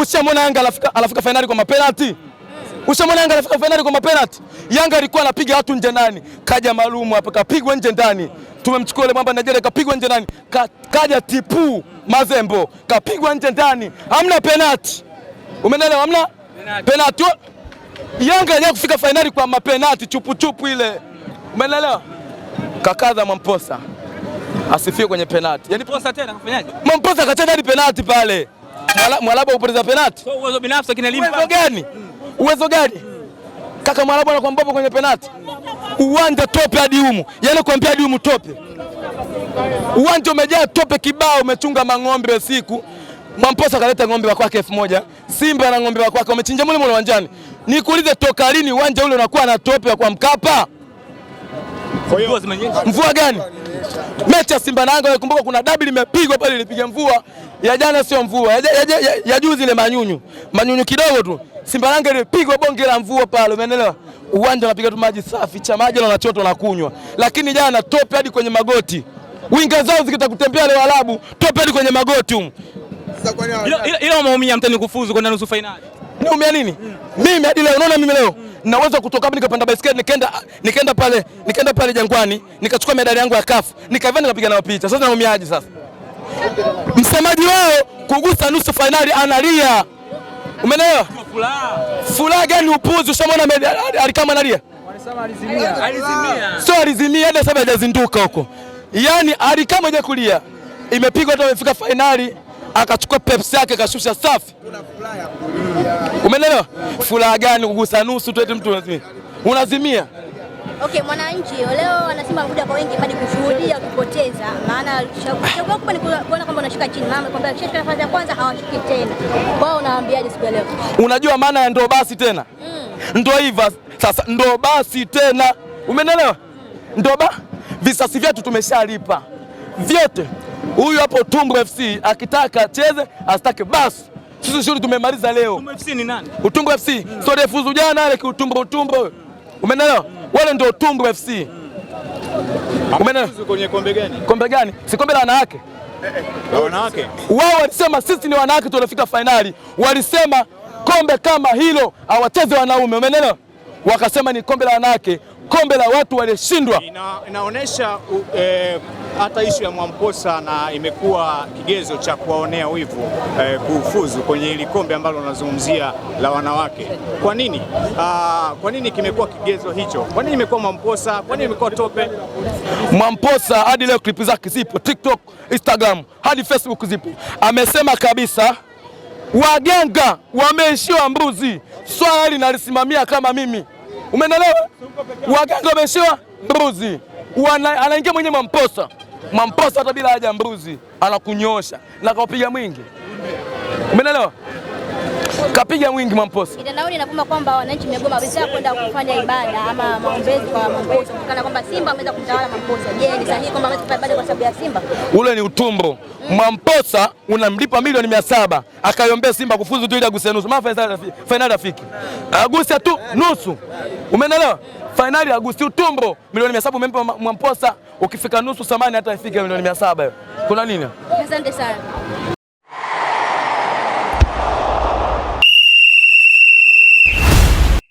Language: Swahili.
Ushamwona Yanga alafika, alafika fainali kwa mapenati? Ushamwona Yanga alafika fainali kwa mapenati? Yanga alikuwa anapiga watu nje ndani, kaja Malumu hapa kapigwa nje ndani, tumemchukua ile mwamba Nigeria kapigwa nje ndani, ka, kaja Tipu Mazembo kapigwa nje ndani, hamna penati. Umeelewa? Hamna penati. Yanga yenyewe kufika fainali kwa mapenati chupu ile, umeelewa? Kakaza Mamposa asifiwe kwenye penati, yani Mamposa tena kafanyaje? Mamposa kacheza hadi penati pale. Mwalaba upoteza penalti. Kwa uwezo binafsi lakini limpa. Uwezo gani? Uwezo gani? Kaka Mwalaba anakuwa mbovu kwenye penalti. Uwanja tope hadi humu. Yaani kuambia hadi humo tope. Uwanja umejaa tope kibao, umechunga mang'ombe siku. Mwamposa kaleta ng'ombe wa kwake 1000. Simba na ng'ombe wa kwake wamechinja mule mule uwanjani. Nikuulize toka lini uwanja ule unakuwa na tope kwa Mkapa? Mvua gani? Mechi ya Simba na Yanga, unakumbuka kuna dabi limepigwa pale, ilipiga mvua ya jana sio mvua ya, ya, ya, ya juzi ile manyunyu manyunyu kidogo tu Simba Yanga ilipigwa bonge la mvua pale, umeelewa? Uwanja unapiga tu maji safi cha maji na choto na kunywa, lakini jana tope hadi kwenye magoti, winga zao zikita kutembea leo, Waarabu tope hadi kwenye magoti huko. Ile umeumia mtani kufuzu kwenda nusu fainali, niumia nini mimi hadi leo? Unaona mimi leo naweza kutoka hapa nikapanda baisikeli nikaenda nikaenda pale nikaenda pale Jangwani nikachukua medali yangu ya kafu nikaenda nikapiga na mapicha. Sasa naumiaje sasa? msemaji wao kugusa nusu fainali analia. Umeelewa? Furaha gani? Upuzi! Ushamwona alikama analia? Sio alizimia, hadi sasa hajazinduka huko. Yaani alikama je kulia, imepigwa hata amefika fainali akachukua Pepsi yake akashusha safi. Umeelewa? Furaha gani kugusa nusu tu eti mtu unazimia? Okay, mwananchi leo anasema amekuja kwa wengi hadi kushuhudia kupoteza, maana chaguo kubwa ni kuona kwamba unashika chini. Mama kwamba akishika nafasi ya kwanza hawashiki tena. Kwa hiyo unawaambiaje siku ya leo? Unajua maana ya ndo basi tena mm. Ndo hivyo sasa, ndo basi tena, umenelewa mm. Ndo ba visasi vyetu tumeshalipa vyote. Huyu hapo Tumbo FC akitaka cheze, asitake basi sisi shughuli tumemaliza leo. Tumbo FC ni nani? Utumbo FC. Mm. Sio refuzu jana ile kiutumbo utumbo. Umenelewa? Mm wale ndio Tumbu FC. kwenye kombe gani? Kombe gani? Si kombe la wanawake wao walisema sisi ni wanawake tunafika fainali. Walisema kombe kama hilo hawacheze wanaume, umeelewa? Wakasema ni kombe la wanawake, kombe la watu walioshindwa. Inaonesha uh, eh, hata ishu ya Mwamposa na imekuwa kigezo cha kuwaonea wivu eh, kufuzu kwenye hili kombe ambalo unazungumzia la wanawake. Kwa nini? ah, kwa nini kimekuwa kigezo hicho? Kwa nini imekuwa Mwamposa? Kwa nini imekuwa tope? Mwamposa hadi leo klipu zake zipo TikTok, Instagram, hadi Facebook zipo. Amesema kabisa waganga wameishiwa mbuzi, swala hili nalisimamia kama mimi, umenelewa? Waganga wameishiwa mbuzi, anaingia mwenye Mwamposa. Mamposa hata bila haja mbuzi anakunyoosha na kaupiga mwingi, umeelewa? kapiga mwingi Mwamposa. Mitandaoni inavuma kwamba wananchi mmegoma visa kwenda kufanya ibada ama maombezi kwa Mwamposa kutokana kwamba Simba ameweza kutawala Mwamposa. Je, ni sahihi kwamba ameweza ibada kwa sababu ya Simba? Ule ni utumbo. Mwamposa mm. unamlipa milioni mia saba akaiombea Simba kufuzu tu ile aguse nusu. Maana finali rafiki. Aguse tu nusu. Umeelewa? Finali Agosti utumbo milioni mia saba umempa Mwamposa, ukifika nusu samani hata ifike milioni mia saba hiyo. Kuna nini? Asante sana.